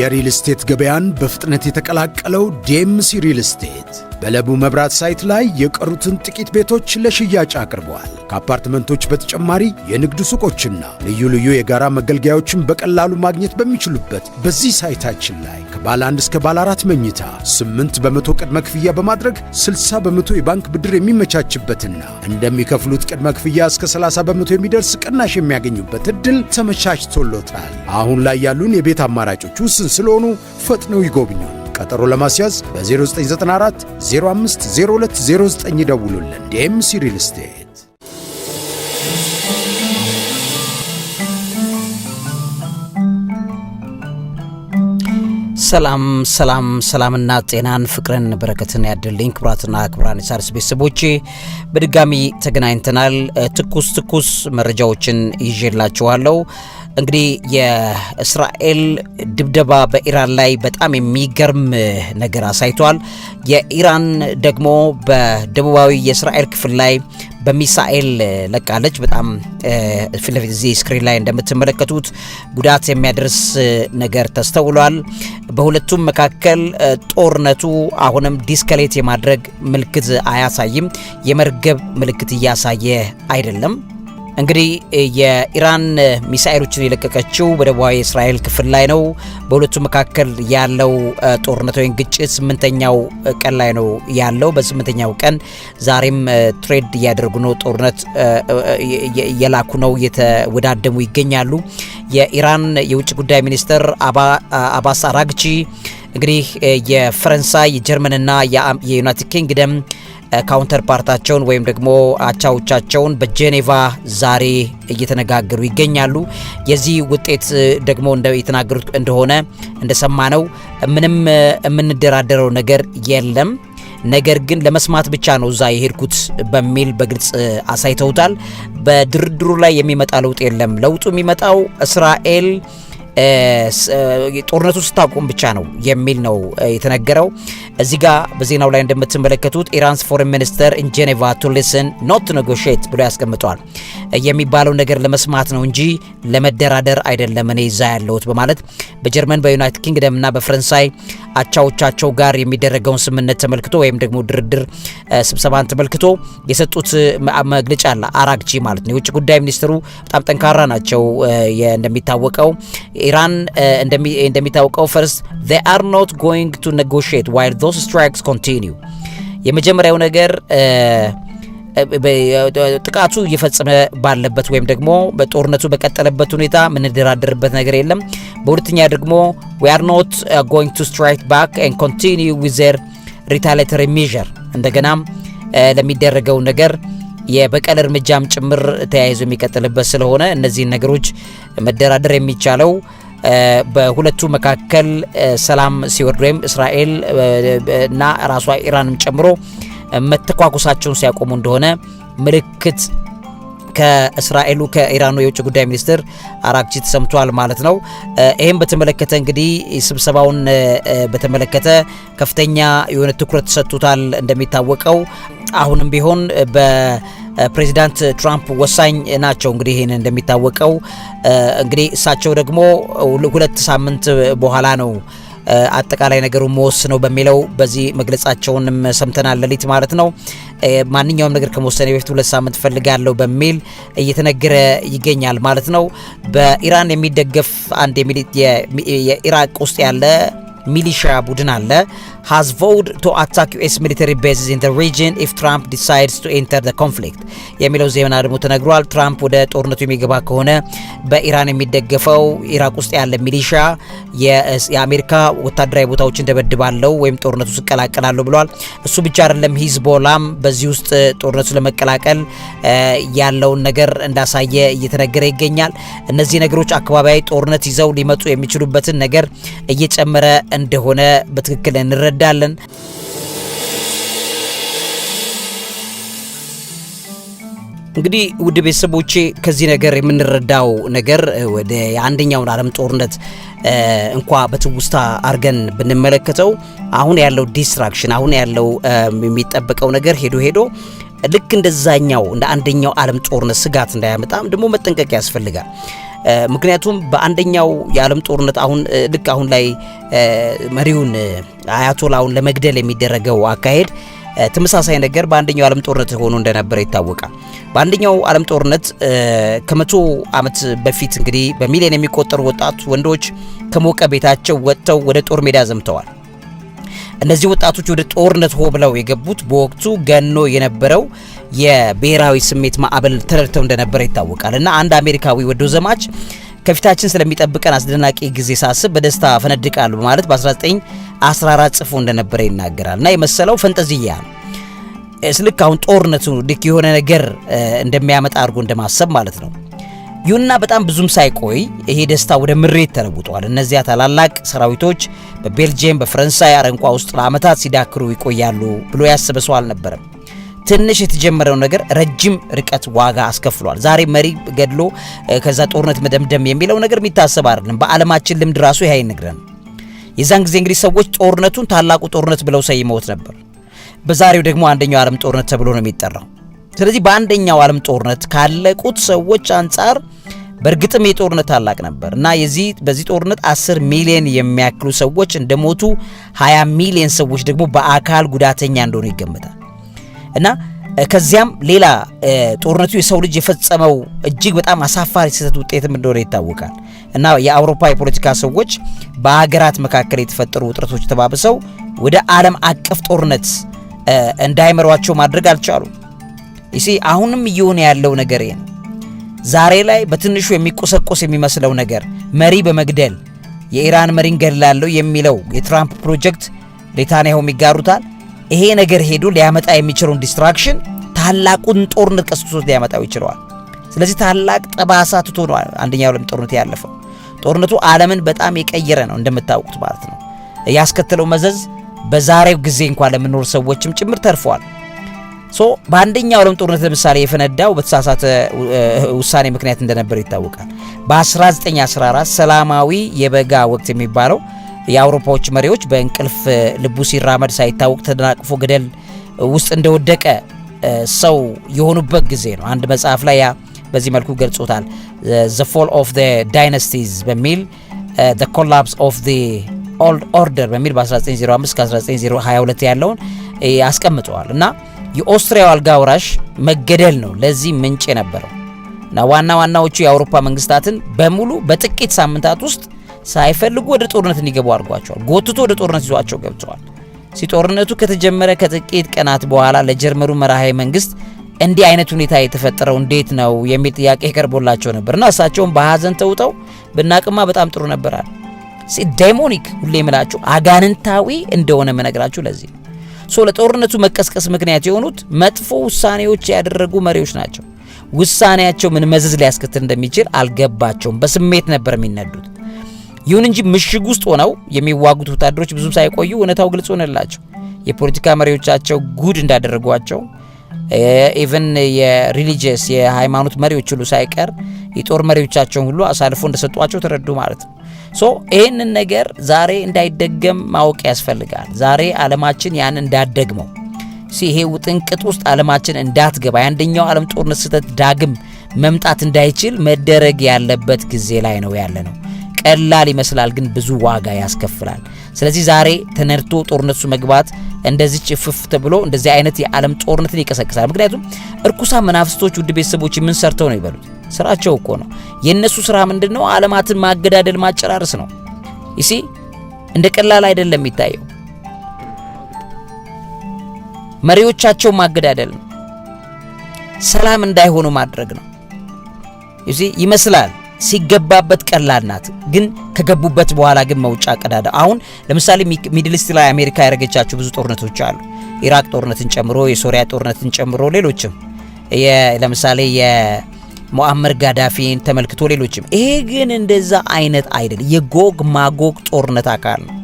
የሪል ስቴት ገበያን በፍጥነት የተቀላቀለው ዴምሲ ሪል ስቴት በለቡ መብራት ሳይት ላይ የቀሩትን ጥቂት ቤቶች ለሽያጭ አቅርበዋል። ከአፓርትመንቶች በተጨማሪ የንግድ ሱቆችና ልዩ ልዩ የጋራ መገልገያዎችን በቀላሉ ማግኘት በሚችሉበት በዚህ ሳይታችን ላይ ከባለ አንድ እስከ ባለ አራት መኝታ 8 በመቶ ቅድመ ክፍያ በማድረግ 60 በመቶ የባንክ ብድር የሚመቻችበትና እንደሚከፍሉት ቅድመ ክፍያ እስከ 30 በመቶ የሚደርስ ቅናሽ የሚያገኙበት እድል ተመቻችቶሎታል። አሁን ላይ ያሉን የቤት አማራጮች ውስን ስለሆኑ ፈጥነው ይጎብኙን። ቀጠሮ ለማስያዝ በ0994 05 0209 ይደውሉልን። ዲኤምሲ ሪል ስቴት ሰላም ሰላም ሰላምና ጤናን ፍቅርን በረከትን ያድልኝ። ክቡራትና ክቡራን የሣድስ ቤተሰቦቼ በድጋሚ ተገናኝተናል። ትኩስ ትኩስ መረጃዎችን ይዤላችኋለሁ። እንግዲህ የእስራኤል ድብደባ በኢራን ላይ በጣም የሚገርም ነገር አሳይቷል። የኢራን ደግሞ በደቡባዊ የእስራኤል ክፍል ላይ በሚሳኤል ለቃለች። በጣም ፊት ለፊት እዚህ ስክሪን ላይ እንደምትመለከቱት ጉዳት የሚያደርስ ነገር ተስተውሏል። በሁለቱም መካከል ጦርነቱ አሁንም ዲስከሌት የማድረግ ምልክት አያሳይም። የመርገብ ምልክት እያሳየ አይደለም። እንግዲህ የኢራን ሚሳኤሎችን የለቀቀችው በደቡባዊ እስራኤል ክፍል ላይ ነው። በሁለቱ መካከል ያለው ጦርነት ወይም ግጭት ስምንተኛው ቀን ላይ ነው ያለው። በስምንተኛው ቀን ዛሬም ትሬድ እያደረጉ ነው፣ ጦርነት እየላኩ ነው፣ እየተወዳደሙ ይገኛሉ። የኢራን የውጭ ጉዳይ ሚኒስትር አባስ አራግቺ እንግዲህ የፈረንሳይ የጀርመንና የዩናይትድ ኪንግደም ካውንተር ፓርታቸውን ወይም ደግሞ አቻዎቻቸውን በጄኔቫ ዛሬ እየተነጋገሩ ይገኛሉ። የዚህ ውጤት ደግሞ የተናገሩት እንደሆነ እንደሰማነው ምንም የምንደራደረው ነገር የለም ነገር ግን ለመስማት ብቻ ነው እዛ የሄድኩት በሚል በግልጽ አሳይተውታል። በድርድሩ ላይ የሚመጣ ለውጥ የለም። ለውጡ የሚመጣው እስራኤል ጦርነቱ ስታቆም ብቻ ነው የሚል ነው የተነገረው። እዚህ በዜናው ላይ እንደምትመለከቱት ኢራንስ ፎሬን ሚኒስተር ኢን ጄኔቫ ቱ ሊስን ኖት ኔጎሽት ብሎ ያስቀምጠዋል። የሚባለው ነገር ለመስማት ነው እንጂ ለመደራደር አይደለም እኔ ይዛ ያለሁት በማለት በጀርመን በዩናይትድ ኪንግደም እና በፈረንሳይ አቻዎቻቸው ጋር የሚደረገውን ስምምነት ተመልክቶ ወይም ደግሞ ድርድር ስብሰባን ተመልክቶ የሰጡት መግለጫ አለ። አራግጂ ማለት ነው። የውጭ ጉዳይ ሚኒስትሩ በጣም ጠንካራ ናቸው። እንደሚታወቀው ኢራን እንደሚታወቀው ፈርስት አር ኖት ጎይንግ ቱ ኔጎሽት ዋይል ዶስ ስትራይክስ ኮንቲኒው። የመጀመሪያው ነገር ጥቃቱ እየፈጸመ ባለበት ወይም ደግሞ በጦርነቱ በቀጠለበት ሁኔታ ምንደራደርበት ነገር የለም። በሁለተኛ ደግሞ we are not uh, going to strike back and continue with their retaliatory measure እንደገናም ለሚደረገው ነገር የበቀል እርምጃም ጭምር ተያይዞ የሚቀጥልበት ስለሆነ እነዚህን ነገሮች መደራደር የሚቻለው በሁለቱ መካከል ሰላም ሲወርድ ወይም እስራኤል እና ራሷ ኢራንም ጨምሮ መተኳኩሳቸውን ሲያቆሙ እንደሆነ ምልክት ከእስራኤሉ ከኢራኑ የውጭ ጉዳይ ሚኒስትር አራክቺ ተሰምቷል ማለት ነው። ይህም በተመለከተ እንግዲህ ስብሰባውን በተመለከተ ከፍተኛ የሆነ ትኩረት ተሰጥቶታል እንደሚታወቀው አሁንም ቢሆን ፕሬዚዳንት ትራምፕ ወሳኝ ናቸው። እንግዲህ ይህን እንደሚታወቀው እንግዲህ እሳቸው ደግሞ ሁለት ሳምንት በኋላ ነው አጠቃላይ ነገሩ መወስነው በሚለው በዚህ መግለጻቸውንም ሰምተናል። ሌሊት ማለት ነው። ማንኛውም ነገር ከመወሰኔ በፊት ሁለት ሳምንት ፈልጋለሁ በሚል እየተነገረ ይገኛል ማለት ነው። በኢራን የሚደገፍ አንድ የኢራቅ ውስጥ ያለ ሚሊሻ ቡድን አለ። has vowed to attack US military bases in the region if Trump decides to enter the conflict የሚለው ዜና ደግሞ ተነግሯል። ትራምፕ ወደ ጦርነቱ የሚገባ ከሆነ በኢራን የሚደገፈው ኢራቅ ውስጥ ያለ ሚሊሻ የአሜሪካ ወታደራዊ ቦታዎችን ደበድባለው ወይም ጦርነቱ ውስጥ እቀላቀላለሁ ብሏል። እሱ ብቻ አይደለም፣ ሂዝቦላም በዚህ ውስጥ ጦርነቱ ለመቀላቀል ያለውን ነገር እንዳሳየ እየተነገረ ይገኛል። እነዚህ ነገሮች አካባቢያዊ ጦርነት ይዘው ሊመጡ የሚችሉበትን ነገር እየጨመረ እንደሆነ በትክክል እንረዳ እንረዳለን። እንግዲህ ውድ ቤተሰቦቼ ከዚህ ነገር የምንረዳው ነገር ወደ የአንደኛውን ዓለም ጦርነት እንኳ በትውስታ አድርገን ብንመለከተው አሁን ያለው ዲስትራክሽን አሁን ያለው የሚጠበቀው ነገር ሄዶ ሄዶ ልክ እንደዛኛው እንደ አንደኛው ዓለም ጦርነት ስጋት እንዳያመጣም ደግሞ መጠንቀቅ ያስፈልጋል። ምክንያቱም በአንደኛው የዓለም ጦርነት አሁን ልክ አሁን ላይ መሪውን አያቶላውን ለመግደል የሚደረገው አካሄድ ተመሳሳይ ነገር በአንደኛው ዓለም ጦርነት ሆኖ እንደነበረ ይታወቃል። በአንደኛው ዓለም ጦርነት ከመቶ ዓመት በፊት እንግዲህ በሚሊዮን የሚቆጠሩ ወጣት ወንዶች ከሞቀ ቤታቸው ወጥተው ወደ ጦር ሜዳ ዘምተዋል። እነዚህ ወጣቶች ወደ ጦርነት ሆ ብለው የገቡት በወቅቱ ገኖ የነበረው የብሔራዊ ስሜት ማዕበል ተረድተው እንደነበረ ይታወቃል። እና አንድ አሜሪካዊ ወዶ ዘማች ከፊታችን ስለሚጠብቀን አስደናቂ ጊዜ ሳስብ በደስታ ፈነድቃሉ በማለት በ1914 ጽፎ እንደነበረ ይናገራል። እና የመሰለው ፈንጠዝያ ነው። ልክ አሁን ጦርነቱ ልክ የሆነ ነገር እንደሚያመጣ አድርጎ እንደማሰብ ማለት ነው። ይሁንና በጣም ብዙም ሳይቆይ ይሄ ደስታ ወደ ምሬት ተለውጧል። እነዚያ ታላላቅ ሰራዊቶች በቤልጅየም በፈረንሳይ አረንቋ ውስጥ ለዓመታት ሲዳክሩ ይቆያሉ ብሎ ያስበ ሰው አልነበረም። ትንሽ የተጀመረው ነገር ረጅም ርቀት ዋጋ አስከፍሏል። ዛሬ መሪ ገድሎ ከዛ ጦርነት መደምደም የሚለው ነገር የሚታሰብ አይደለም። በዓለማችን ልምድ ራሱ ይህ አይነግረን። የዛን ጊዜ እንግዲህ ሰዎች ጦርነቱን ታላቁ ጦርነት ብለው ሰይመውት ነበር። በዛሬው ደግሞ አንደኛው ዓለም ጦርነት ተብሎ ነው የሚጠራው። ስለዚህ በአንደኛው ዓለም ጦርነት ካለቁት ሰዎች አንጻር በእርግጥም የጦርነት ታላቅ ነበር እና የዚህ በዚህ ጦርነት 10 ሚሊዮን የሚያክሉ ሰዎች እንደሞቱ 20 ሚሊዮን ሰዎች ደግሞ በአካል ጉዳተኛ እንደሆኑ ይገመታል። እና ከዚያም ሌላ ጦርነቱ የሰው ልጅ የፈጸመው እጅግ በጣም አሳፋሪ ስህተት ውጤትም እንደሆነ ይታወቃል። እና የአውሮፓ የፖለቲካ ሰዎች በሀገራት መካከል የተፈጠሩ ውጥረቶች ተባብሰው ወደ ዓለም አቀፍ ጦርነት እንዳይመሯቸው ማድረግ አልቻሉም። ይሲ አሁንም እየሆነ ያለው ነገር ነው። ዛሬ ላይ በትንሹ የሚቆሰቆስ የሚመስለው ነገር መሪ በመግደል የኢራን መሪን ገድላለሁ የሚለው የትራምፕ ፕሮጀክት ኔታንያሁም ይጋሩታል። ይሄ ነገር ሄዶ ሊያመጣ የሚችለውን ዲስትራክሽን ታላቁን ጦርነት ቀስቅሶት ሊያመጣው ይችለዋል። ስለዚህ ታላቅ ጠባሳ ትቶ ነው አንደኛው ዓለም ጦርነት ያለፈው። ጦርነቱ ዓለምን በጣም የቀየረ ነው እንደምታውቁት ማለት ነው። ያስከተለው መዘዝ በዛሬው ጊዜ እንኳን ለምኖር ሰዎችም ጭምር ተርፈዋል። ሶ በአንደኛው ዓለም ጦርነት ለምሳሌ የፈነዳው በተሳሳተ ውሳኔ ምክንያት እንደነበር ይታወቃል። በ1914 ሰላማዊ የበጋ ወቅት የሚባለው የአውሮፓዎች መሪዎች በእንቅልፍ ልቡ ሲራመድ ሳይታወቅ ተደናቅፎ ገደል ውስጥ እንደወደቀ ሰው የሆኑበት ጊዜ ነው። አንድ መጽሐፍ ላይ ያ በዚህ መልኩ ገልጾታል። ዘ ፎል ኦፍ ዘ ዳይነስቲዝ በሚል ዘ ኮላፕስ ኦፍ ዘ ኦልድ ኦርደር በሚል በ1905 1922 ያለውን አስቀምጠዋል እና የኦስትሪያው አልጋ ወራሽ መገደል ነው ለዚህ ምንጭ የነበረው እና ዋና ዋናዎቹ የአውሮፓ መንግስታትን በሙሉ በጥቂት ሳምንታት ውስጥ ሳይፈልጉ ወደ ጦርነት እንዲገቡ አድርጓቸዋል። ጎትቶ ወደ ጦርነት ይዟቸው ገብተዋል። ሲጦርነቱ ከተጀመረ ከጥቂት ቀናት በኋላ ለጀርመኑ መራሃዊ መንግስት እንዲህ አይነት ሁኔታ የተፈጠረው እንዴት ነው የሚል ጥያቄ ቀርቦላቸው እና እሳቸውም በሀዘን ተውጠው ብናቅማ በጣም ጥሩ ነበራል። ዴሞኒክ ሁሌ የምላችሁ አጋንንታዊ እንደሆነ መነግራችሁ ለዚህ ሶ ለጦርነቱ መቀስቀስ ምክንያት የሆኑት መጥፎ ውሳኔዎች ያደረጉ መሪዎች ናቸው። ውሳኔያቸው ምን መዘዝ ሊያስከትል እንደሚችል አልገባቸውም። በስሜት ነበር የሚነዱት። ይሁን እንጂ ምሽግ ውስጥ ሆነው የሚዋጉት ወታደሮች ብዙም ሳይቆዩ እውነታው ግልጽ ሆነላቸው። የፖለቲካ መሪዎቻቸው ጉድ እንዳደረጓቸው ኢቨን የሪሊጂየስ የሃይማኖት መሪዎች ሁሉ ሳይቀር የጦር መሪዎቻቸውን ሁሉ አሳልፎ እንደሰጧቸው ተረዱ ማለት ነው። ሶ ይህንን ነገር ዛሬ እንዳይደገም ማወቅ ያስፈልጋል። ዛሬ አለማችን ያን እንዳደግመው ይሄ ውጥንቅጥ ውስጥ አለማችን እንዳትገባ የአንደኛው ዓለም ጦርነት ስህተት ዳግም መምጣት እንዳይችል መደረግ ያለበት ጊዜ ላይ ነው ያለ ነው። ቀላል ይመስላል፣ ግን ብዙ ዋጋ ያስከፍላል። ስለዚህ ዛሬ ተነድቶ ጦርነቱ መግባት እንደዚህ ጭፍፍ ተብሎ እንደዚህ አይነት የዓለም ጦርነትን ይቀሰቅሳል። ምክንያቱም እርኩሳን መናፍስቶች ውድ ቤተሰቦች ምን ሰርተው ነው ይበሉት? ስራቸው እኮ ነው። የእነሱ ስራ ምንድን ነው? ዓለማትን ማገዳደል ማጨራረስ ነው። ይሲ እንደ ቀላል አይደለም የሚታየው። መሪዎቻቸው ማገዳደል ነው። ሰላም እንዳይሆኑ ማድረግ ነው። ይመስላል ሲገባበት ቀላል ናት፣ ግን ከገቡበት በኋላ ግን መውጫ ቀዳዳ። አሁን ለምሳሌ ሚድል ላይ አሜሪካ ያደረገቻቸው ብዙ ጦርነቶች አሉ። ኢራቅ ጦርነትን ጨምሮ፣ የሶሪያ ጦርነትን ጨምሮ፣ ሌሎችም ለምሳሌ የሞአመር ጋዳፊን ተመልክቶ ሌሎችም። ይሄ ግን እንደዛ አይነት አይደል፣ የጎግ ማጎግ ጦርነት አካል ነው።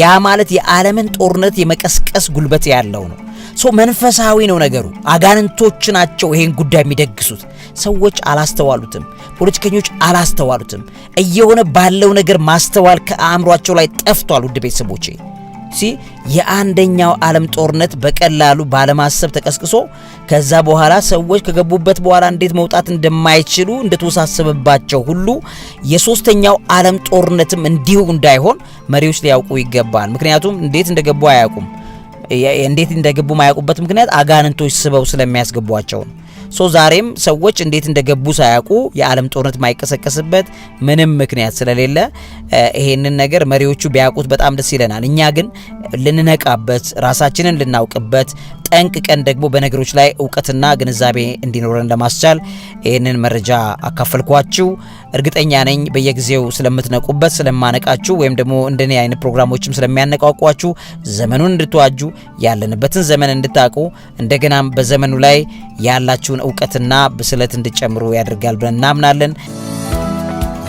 ያ ማለት የዓለምን ጦርነት የመቀስቀስ ጉልበት ያለው ነው። ሶ መንፈሳዊ ነው ነገሩ። አጋንንቶች ናቸው ይሄን ጉዳይ የሚደግሱት። ሰዎች አላስተዋሉትም፣ ፖለቲከኞች አላስተዋሉትም። እየሆነ ባለው ነገር ማስተዋል ከአእምሯቸው ላይ ጠፍቷል። ውድ ቤተሰቦቼ ሲ የአንደኛው ዓለም ጦርነት በቀላሉ ባለማሰብ ተቀስቅሶ ከዛ በኋላ ሰዎች ከገቡበት በኋላ እንዴት መውጣት እንደማይችሉ እንደተወሳሰበባቸው ሁሉ የሶስተኛው ዓለም ጦርነትም እንዲሁ እንዳይሆን መሪዎች ሊያውቁ ይገባል። ምክንያቱም እንዴት እንደገቡ አያውቁም። እንዴት እንደገቡ ማያውቁበት ምክንያት አጋንንቶች ስበው ስለሚያስገቧቸው ነው። ሶ ዛሬም ሰዎች እንዴት እንደገቡ ሳያውቁ የዓለም ጦርነት ማይቀሰቀስበት ምንም ምክንያት ስለሌለ ይሄንን ነገር መሪዎቹ ቢያውቁት በጣም ደስ ይለናል። እኛ ግን ልንነቃበት፣ ራሳችንን ልናውቅበት፣ ጠንቅቀን ደግሞ በነገሮች ላይ እውቀትና ግንዛቤ እንዲኖረን ለማስቻል ይህንን መረጃ አካፈልኳችሁ። እርግጠኛ ነኝ በየጊዜው ስለምትነቁበት ስለማነቃችሁ፣ ወይም ደግሞ እንደኔ አይነት ፕሮግራሞችም ስለሚያነቋቋችሁ ዘመኑን እንድትዋጁ ያለንበትን ዘመን እንድታውቁ እንደገናም በዘመኑ ላይ ያላችሁን እውቀትና ብስለት እንድጨምሩ ያደርጋል ብለን እናምናለን።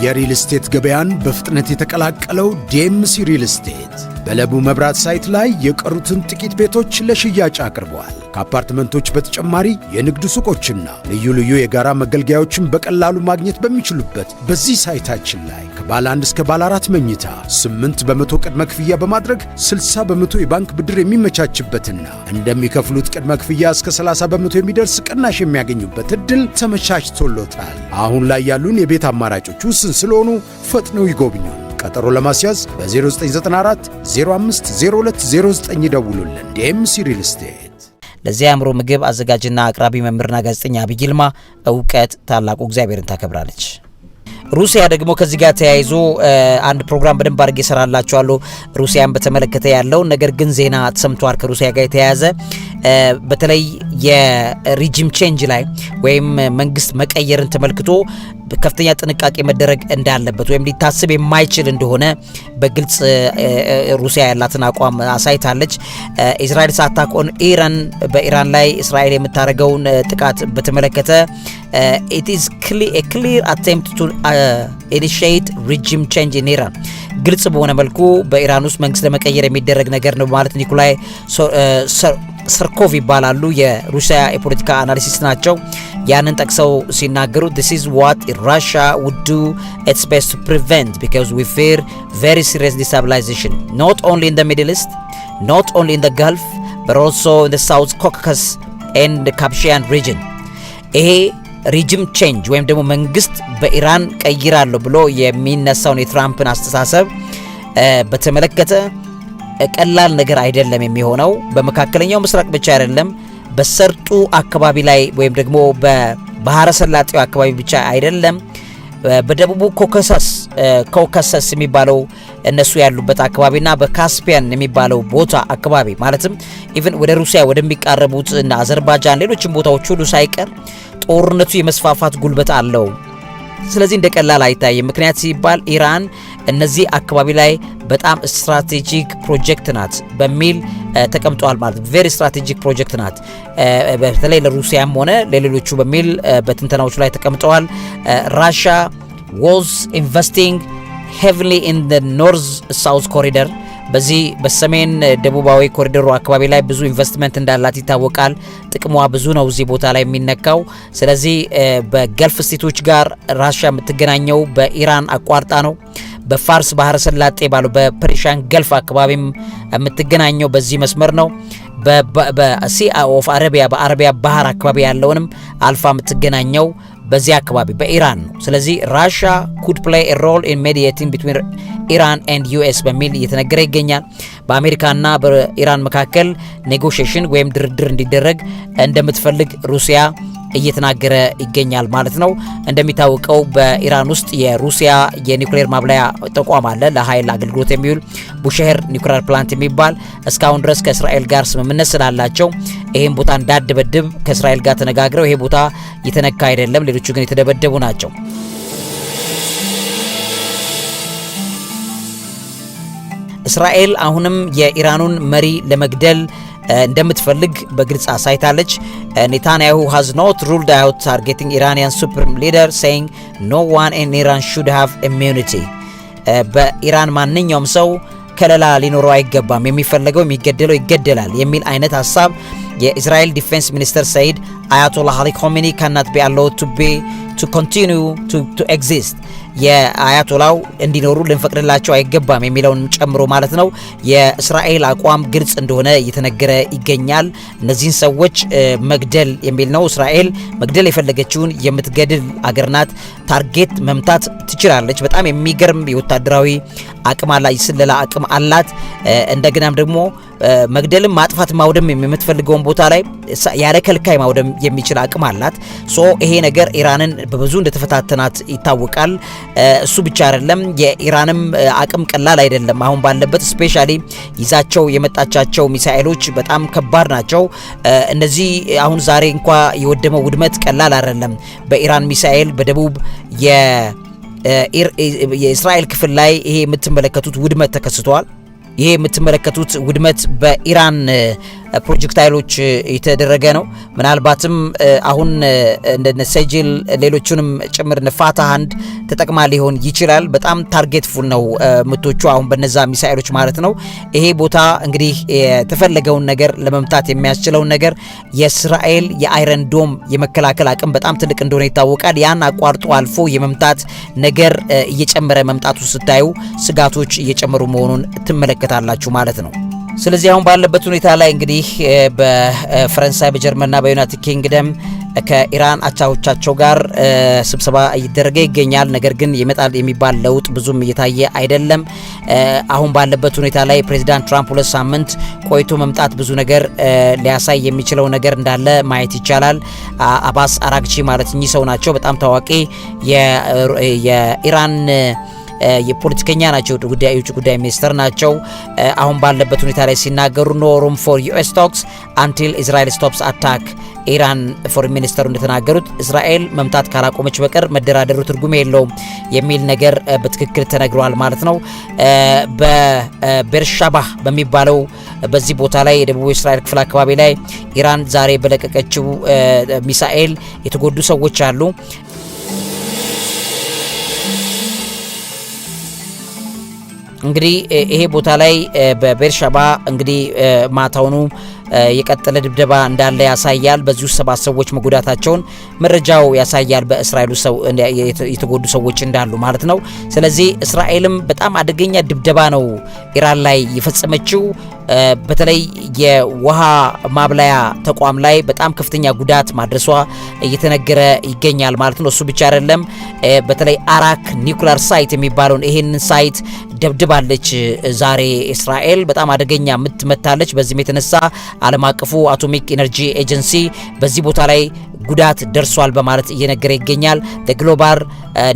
የሪል ስቴት ገበያን በፍጥነት የተቀላቀለው ዴምሲ ሪል ስቴት በለቡ መብራት ሳይት ላይ የቀሩትን ጥቂት ቤቶች ለሽያጭ አቅርበዋል። ከአፓርትመንቶች በተጨማሪ የንግድ ሱቆችና ልዩ ልዩ የጋራ መገልገያዎችን በቀላሉ ማግኘት በሚችሉበት በዚህ ሳይታችን ላይ ከባለ አንድ እስከ ባለ አራት መኝታ 8 በመቶ ቅድመ ክፍያ በማድረግ 60 በመቶ የባንክ ብድር የሚመቻችበትና እንደሚከፍሉት ቅድመ ክፍያ እስከ 30 በመቶ የሚደርስ ቅናሽ የሚያገኙበት እድል ተመቻችቶሎታል። አሁን ላይ ያሉን የቤት አማራጮች ውስን ስለሆኑ ፈጥነው ይጎብኙን። ቀጠሮ ለማስያዝ በ0994 05 0209 ይደውሉልን። ዲኤምሲ ሪል ስቴት። ለዚህ አእምሮ ምግብ አዘጋጅና አቅራቢ መምህርና ጋዜጠኛ አብይ ይልማ። እውቀት ታላቁ እግዚአብሔርን ታከብራለች። ሩሲያ ደግሞ ከዚህ ጋር ተያይዞ አንድ ፕሮግራም በደንብ አድርጌ እሰራላችኋለሁ ሩሲያን በተመለከተ ያለውን። ነገር ግን ዜና ተሰምቷል ከሩሲያ ጋር የተያያዘ በተለይ የሪጂም ቼንጅ ላይ ወይም መንግስት መቀየርን ተመልክቶ ከፍተኛ ጥንቃቄ መደረግ እንዳለበት ወይም ሊታስብ የማይችል እንደሆነ በግልጽ ሩሲያ ያላትን አቋም አሳይታለች። እስራኤል ሳታክ ኢራን በኢራን ላይ እስራኤል የምታደርገውን ጥቃት በተመለከተ uh, it is clear, a clear attempt to uh, initiate regime change in Iran ግልጽ በሆነ መልኩ በኢራን ውስጥ መንግስት ለመቀየር የሚደረግ ነገር ነው በማለት ኒኮላይ ሰርኮቭ ይባላሉ። የሩሲያ የፖለቲካ አናሊሲስት ናቸው። ያንን ጠቅሰው ሲናገሩ this is what Russia would do its best to prevent because we fear very serious destabilization not only in the Middle East not only in the Gulf but also in the South Caucasus and the Capchayan region ይሄ ሪጅም ቼንጅ ወይም ደግሞ መንግስት በኢራን ቀይራለሁ ብሎ የሚነሳውን የትራምፕን አስተሳሰብ በተመለከተ ቀላል ነገር አይደለም የሚሆነው። በመካከለኛው ምስራቅ ብቻ አይደለም፣ በሰርጡ አካባቢ ላይ ወይም ደግሞ በባህረ ሰላጤው አካባቢ ብቻ አይደለም። በደቡቡ ኮከሰስ ኮከሰስ የሚባለው እነሱ ያሉበት አካባቢና በካስፒያን የሚባለው ቦታ አካባቢ ማለትም ኢቨን ወደ ሩሲያ ወደሚቃረቡት እና አዘርባጃን ሌሎችም ቦታዎች ሁሉ ሳይቀር ጦርነቱ የመስፋፋት ጉልበት አለው። ስለዚህ እንደ ቀላል አይታይም። ምክንያት ሲባል ኢራን እነዚህ አካባቢ ላይ በጣም ስትራቴጂክ ፕሮጀክት ናት በሚል ተቀምጧል ማለት ቬሪ ስትራቴጂክ ፕሮጀክት ናት በተለይ ለሩሲያም ሆነ ለሌሎቹ በሚል በትንተናዎቹ ላይ ተቀምጠዋል። ራሻ ዋዝ ኢንቨስቲንግ ሄቪሊ ኢን ኖርዝ ሳውዝ ኮሪደር በዚህ በሰሜን ደቡባዊ ኮሪደሩ አካባቢ ላይ ብዙ ኢንቨስትመንት እንዳላት ይታወቃል። ጥቅሟ ብዙ ነው እዚህ ቦታ ላይ የሚነካው። ስለዚህ በገልፍ ስቴቶች ጋር ራሻ የምትገናኘው በኢራን አቋርጣ ነው። በፋርስ ባህረ ሰላጤ ባሉ በፐርሺያን ገልፍ አካባቢም የምትገናኘው በዚህ መስመር ነው። በሲ ኦፍ አረቢያ በአረቢያ ባህር አካባቢ ያለውንም አልፋ የምትገናኘው በዚህ አካባቢ በኢራን ነው። ስለዚህ ራሻ ኩድ ፕላይ ሮል ኢን ሜዲቲንግ ቢትዊን ኢራን ኤንድ ዩኤስ በሚል እየተነገረ ይገኛል። በአሜሪካና በኢራን መካከል ኔጎሽሽን ወይም ድርድር እንዲደረግ እንደምትፈልግ ሩሲያ እየተናገረ ይገኛል ማለት ነው። እንደሚታወቀው በኢራን ውስጥ የሩሲያ የኒውክሌር ማብላያ ተቋም አለ፣ ለኃይል አገልግሎት የሚውል ቡሸሄር ኒውክሌር ፕላንት የሚባል እስካሁን ድረስ ከእስራኤል ጋር ስምምነት ስላላቸው ይህም ቦታ እንዳደበድብ ከእስራኤል ጋር ተነጋግረው ይሄ ቦታ የተነካ አይደለም፣ ሌሎቹ ግን የተደበደቡ ናቸው። እስራኤል አሁንም የኢራኑን መሪ ለመግደል እንደምትፈልግ በግልጽ አሳይታለች። ኔታንያሁ ሃዝ ኖት ሩልድ አውት ታርጌቲንግ ኢራንያን ሱፕሪም ሊደር ሴይንግ ኖ ዋን ኢን ኢራን ሹድ ሃቭ ኢሚኒቲ በኢራን ማንኛውም ሰው ከለላ ሊኖረው አይገባም፣ የሚፈለገው የሚገደለው ይገደላል የሚል አይነት ሀሳብ የእስራኤል ዲፌንስ ሚኒስተር ሰይድ አያቶላህ አሊ ኮሚኒ ከናት ቢያለው ቱቤ ቱ ኮንቲኒዩ ቱ ኤግዚስት የአያቶላው እንዲኖሩ ልንፈቅድላቸው አይገባም የሚለውን ጨምሮ ማለት ነው። የእስራኤል አቋም ግልጽ እንደሆነ እየተነገረ ይገኛል። እነዚህን ሰዎች መግደል የሚል ነው። እስራኤል መግደል የፈለገችውን የምትገድል አገር ናት። ታርጌት መምታት ትችላለች። በጣም የሚገርም የወታደራዊ አቅም አላት፣ የስለላ አቅም አላት። እንደገናም ደግሞ መግደልም ማጥፋት ማውደም የምትፈልገውን ቦታ ላይ ያለ ከልካይ ማውደም የሚችል አቅም አላት። ሶ ይሄ ነገር ኢራንን በብዙ እንደተፈታተናት ይታወቃል። እሱ ብቻ አይደለም፣ የኢራንም አቅም ቀላል አይደለም። አሁን ባለበት ስፔሻሊ ይዛቸው የመጣቻቸው ሚሳኤሎች በጣም ከባድ ናቸው። እነዚህ አሁን ዛሬ እንኳ የወደመው ውድመት ቀላል አይደለም። በኢራን ሚሳኤል በደቡብ የእስራኤል ክፍል ላይ ይሄ የምትመለከቱት ውድመት ተከስቷል። ይሄ የምትመለከቱት ውድመት በኢራን ፕሮጀክታይሎች የተደረገ ነው። ምናልባትም አሁን እንደነ ሰጅል ሌሎቹንም ጭምር ንፋታ አንድ ተጠቅማ ሊሆን ይችላል። በጣም ታርጌት ፉል ነው ምቶቹ አሁን በነዛ ሚሳኤሎች ማለት ነው። ይሄ ቦታ እንግዲህ የተፈለገውን ነገር ለመምታት የሚያስችለውን ነገር የእስራኤል የአይረን ዶም የመከላከል አቅም በጣም ትልቅ እንደሆነ ይታወቃል። ያን አቋርጦ አልፎ የመምታት ነገር እየጨመረ መምጣቱ ስታዩ ስጋቶች እየጨመሩ መሆኑን ትመለከታላችሁ ማለት ነው። ስለዚህ አሁን ባለበት ሁኔታ ላይ እንግዲህ በፈረንሳይ በጀርመንና በዩናይትድ ኪንግደም ከኢራን አቻዎቻቸው ጋር ስብሰባ እየተደረገ ይገኛል። ነገር ግን ይመጣል የሚባል ለውጥ ብዙም እየታየ አይደለም። አሁን ባለበት ሁኔታ ላይ ፕሬዚዳንት ትራምፕ ሁለት ሳምንት ቆይቶ መምጣት ብዙ ነገር ሊያሳይ የሚችለው ነገር እንዳለ ማየት ይቻላል። አባስ አራግቺ ማለት እኚህ ሰው ናቸው። በጣም ታዋቂ የኢራን የፖለቲከኛ ናቸው፣ የውጭ ጉዳይ ሚኒስትር ናቸው። አሁን ባለበት ሁኔታ ላይ ሲናገሩ ኖ ሩም ፎር ዩኤስ ቶክስ አንቲል እስራኤል ስቶፕስ አታክ ኢራን ፎሬን ሚኒስተሩ እንደተናገሩት እስራኤል መምታት ካላቆመች በቀር መደራደሩ ትርጉም የለውም የሚል ነገር በትክክል ተነግሯል ማለት ነው። በቤርሻባህ በሚባለው በዚህ ቦታ ላይ የደቡብ እስራኤል ክፍል አካባቢ ላይ ኢራን ዛሬ በለቀቀችው ሚሳኤል የተጎዱ ሰዎች አሉ። እንግዲህ ይሄ ቦታ ላይ በቤርሻባ እንግዲህ ማታውኑ የቀጠለ ድብደባ እንዳለ ያሳያል። በዚህ ውስጥ ሰባት ሰዎች መጎዳታቸውን መረጃው ያሳያል። በእስራኤሉ ሰው የተጎዱ ሰዎች እንዳሉ ማለት ነው። ስለዚህ እስራኤልም በጣም አደገኛ ድብደባ ነው ኢራን ላይ የፈጸመችው። በተለይ የውሃ ማብላያ ተቋም ላይ በጣም ከፍተኛ ጉዳት ማድረሷ እየተነገረ ይገኛል ማለት ነው። እሱ ብቻ አይደለም። በተለይ አራክ ኒውክሊየር ሳይት የሚባለውን ይሄንን ሳይት ደብድባለች ዛሬ እስራኤል በጣም አደገኛ ምት መታለች። በዚህም የተነሳ ዓለም አቀፉ አቶሚክ ኢነርጂ ኤጀንሲ በዚህ ቦታ ላይ ጉዳት ደርሷል በማለት እየነገረ ይገኛል። ዘ ግሎባል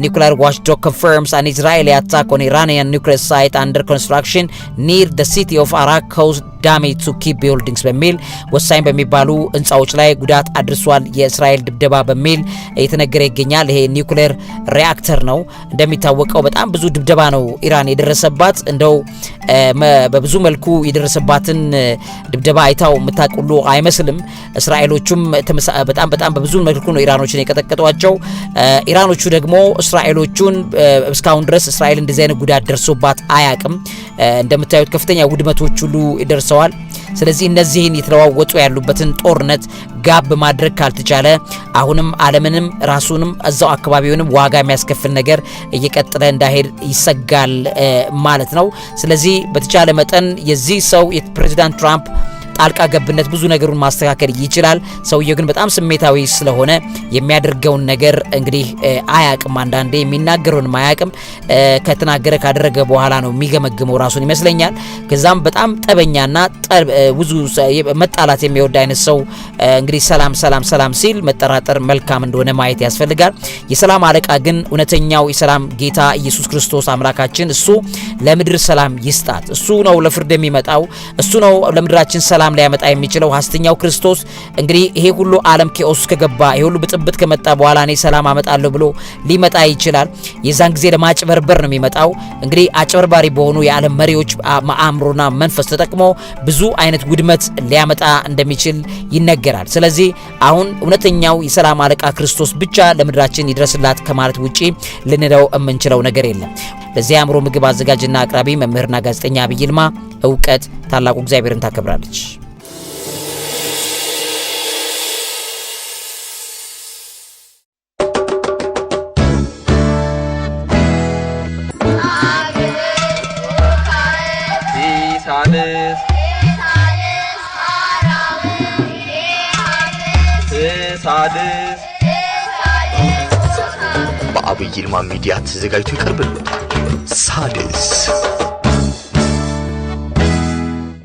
ኒውክሊየር ዋችዶግ ኮንፈርምስ አን ኢዝራኤሊ አታክ ኦን ኢራንያን ኒውክሊየር ሳይት አንደር ኮንስትራክሽን ኒር ዘ ሲቲ ኦፍ አራክ ኮዝ ዳሜቱኪ ቢልዲንግስ በሚል ወሳኝ በሚባሉ ህንፃዎች ላይ ጉዳት አድርሷል። የእስራኤል ድብደባ በሚል እየተነገረ ይገኛል። ይሄ ኒውክሌር ሪያክተር ነው። እንደሚታወቀው በጣም ብዙ ድብደባ ነው ኢራን የደረሰባት። እንደው በብዙ መልኩ የደረሰባትን ድብደባ አይታው የምታቁሉ አይመስልም። እስራኤሎቹም በጣም በጣም በብዙ መልኩ ነው ኢራኖችን የቀጠቀጧቸው። ኢራኖቹ ደግሞ እስራኤሎቹን እስካሁን ድረስ እስራኤል እንደዚህ አይነት ጉዳት ደርሶባት አያቅም። እንደምታዩት ከፍተኛ ውድመቶች ሁሉ ደርሰዋል። ስለዚህ እነዚህን የተለዋወጡ ያሉበትን ጦርነት ጋብ ማድረግ ካልተቻለ አሁንም ዓለምንም ራሱንም እዛው አካባቢውንም ዋጋ የሚያስከፍል ነገር እየቀጠለ እንዳሄድ ይሰጋል ማለት ነው። ስለዚህ በተቻለ መጠን የዚህ ሰው የፕሬዚዳንት ትራምፕ ጣልቃ ገብነት ብዙ ነገሩን ማስተካከል ይችላል። ሰውየው ግን በጣም ስሜታዊ ስለሆነ የሚያደርገውን ነገር እንግዲህ አያቅም። አንዳንዴ የሚናገረውንም አያቅም። ከተናገረ ካደረገ በኋላ ነው የሚገመግመው ራሱን ይመስለኛል። ከዛም በጣም ጠበኛና ብዙ መጣላት የሚወድ አይነት ሰው እንግዲህ ሰላም ሰላም ሰላም ሲል መጠራጠር መልካም እንደሆነ ማየት ያስፈልጋል። የሰላም አለቃ ግን እውነተኛው የሰላም ጌታ ኢየሱስ ክርስቶስ አምላካችን እሱ ለምድር ሰላም ይስጣት። እሱ ነው ለፍርድ የሚመጣው። እሱ ነው ለምድራችን ሰላም ሰላም ሊያመጣ የሚችለው ሀስተኛው ክርስቶስ እንግዲህ ይሄ ሁሉ ዓለም ኬኦስ ከገባ ይሄ ሁሉ ብጥብጥ ከመጣ በኋላ እኔ ሰላም አመጣለሁ ብሎ ሊመጣ ይችላል። የዛን ጊዜ ለማጭበርበር ነው የሚመጣው። እንግዲህ አጭበርባሪ በሆኑ የዓለም መሪዎች አእምሮና መንፈስ ተጠቅሞ ብዙ አይነት ውድመት ሊያመጣ እንደሚችል ይነገራል። ስለዚህ አሁን እውነተኛው የሰላም አለቃ ክርስቶስ ብቻ ለምድራችን ይድረስላት ከማለት ውጪ ልንለው የምንችለው ነገር የለም። ለዚህ አእምሮ ምግብ አዘጋጅና አቅራቢ መምህርና ጋዜጠኛ አብይ ይልማ እውቀት ታላቁ እግዚአብሔርን ታከብራለች። በአብይ ይልማ ሚዲያ ተዘጋጅቶ ይቀርብልዎታል። ሳድስ